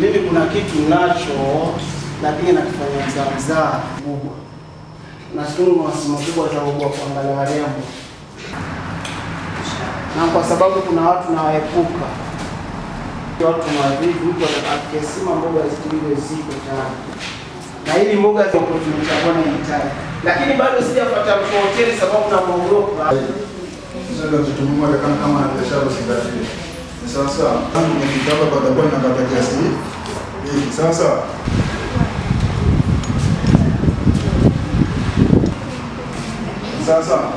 Mimi kuna kitu nacho lakini nakifanya mzaa mzaa kubwa, nashukuru mawasimo kubwa tabugua kuangalia warembo, na kwa sababu kuna watu nawaepuka, watu mavivu, mtu akisema mboga zituliwe ziko tayari, na hili mboga zako tunachagua na hitaji, lakini bado sijapata mkoa hoteli sababu na muogopa kitendo cha kununua kama kama biashara usingatie. Ni sawa sawa. Kama nikitaka kwa tabia na kata kiasi hii. Sawa sawa. Sawa sawa.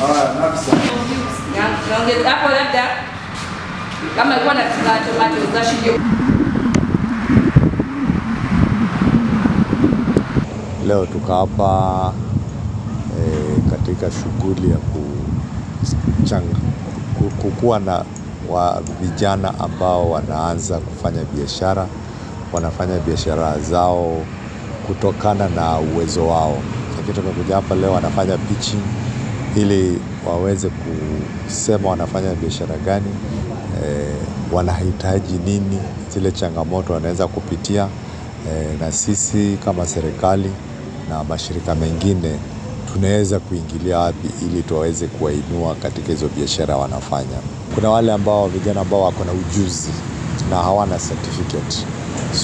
Haya, nafsa. hapo labda kama ilikuwa na tomato za shilingi Leo tuko hapa eh, katika shughuli ya ku kukuwa na wa vijana ambao wanaanza kufanya biashara, wanafanya biashara zao kutokana na uwezo wao. Lakini tumekuja hapa leo wanafanya pitching ili waweze kusema wanafanya biashara gani, e, wanahitaji nini, zile changamoto wanaweza kupitia, e, na sisi kama serikali na mashirika mengine tunaweza kuingilia wapi ili tuwaweze kuwainua katika hizo biashara wanafanya. Kuna wale ambao vijana ambao wako na ujuzi na hawana certificate,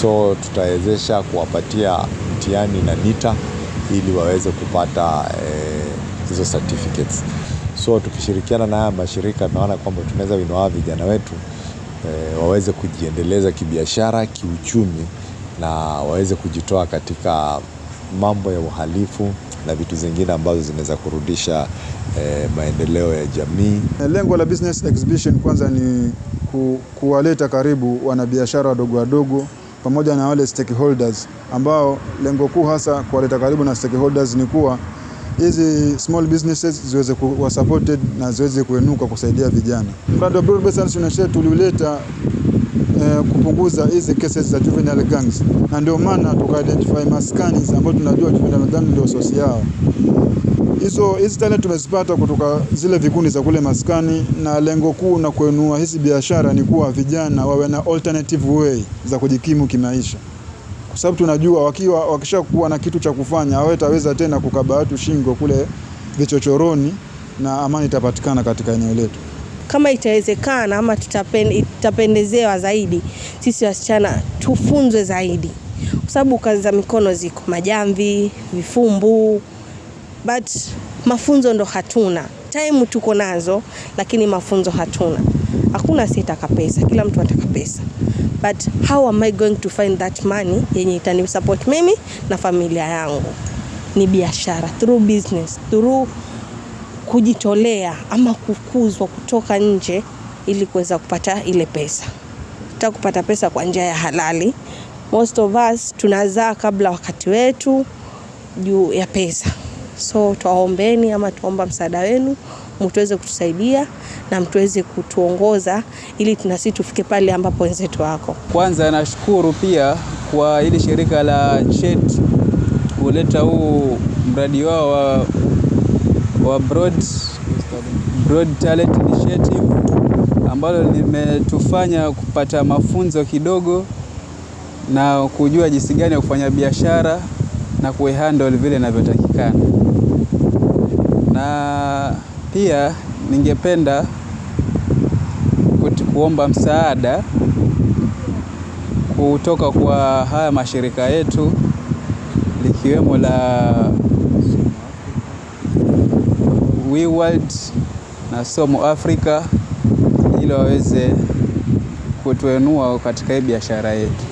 so tutawezesha kuwapatia mtihani na NITA ili waweze kupata eh, hizo eh, certificates. So tukishirikiana na haya mashirika tunaona kwamba tunaweza kuinua vijana wetu eh, waweze kujiendeleza kibiashara, kiuchumi na waweze kujitoa katika mambo ya uhalifu na vitu zingine ambazo zinaweza kurudisha eh, maendeleo ya jamii. Lengo la business exhibition kwanza ni ku, kuwaleta karibu wanabiashara wadogo wadogo pamoja na wale stakeholders ambao lengo kuu hasa kuwaleta karibu na stakeholders ni kuwa hizi small businesses ziweze kuwa supported na ziweze kuenuka kusaidia vijana. Mradi wa Broad Based tuliuleta eh, kupunguza hizi cases za juvenile gangs, na ndio maana identify maskani ambayo tunajua juvenile gangs ndio sosi yao. Hizo hizi talent tumezipata kutoka zile vikundi za kule maskani, na lengo kuu na kuinua hizi biashara ni kuwa vijana wawe na alternative way za kujikimu kimaisha, kwa sababu tunajua wakiwa wakishakuwa na kitu cha kufanya hawataweza tena kukaba watu shingo kule vichochoroni, na amani itapatikana katika eneo letu kama itawezekana ama tutapendezewa zaidi sisi wasichana tufunzwe zaidi, kwa sababu kazi za mikono ziko majamvi, vifumbu, but mafunzo ndo hatuna. Time tuko nazo, lakini mafunzo hatuna. Hakuna asiyetaka pesa, kila mtu anataka pesa, but how am I going to find that money yenye itanisupport mimi na familia yangu? Ni biashara, through business, through kujitolea ama kukuzwa kutoka nje ili kuweza kupata ile pesa. Tunataka kupata pesa kwa njia ya halali. Most of us tunazaa kabla wakati wetu juu ya pesa. So twaombeni ama tuomba msaada wenu, mtuweze kutusaidia na mtuweze kutuongoza ili tunasi tufike pale ambapo wenzetu wako. Kwanza nashukuru pia kwa hili shirika la CHET kuleta huu mradi wao wa wa Broad, Broad Talent Initiative ambalo limetufanya kupata mafunzo kidogo na kujua jinsi gani ya kufanya biashara na kuihandle vile inavyotakikana. Na pia ningependa kuomba msaada kutoka kwa haya mashirika yetu likiwemo la WeWorld na Somo afrika ili waweze kutuenua katika hii biashara yetu.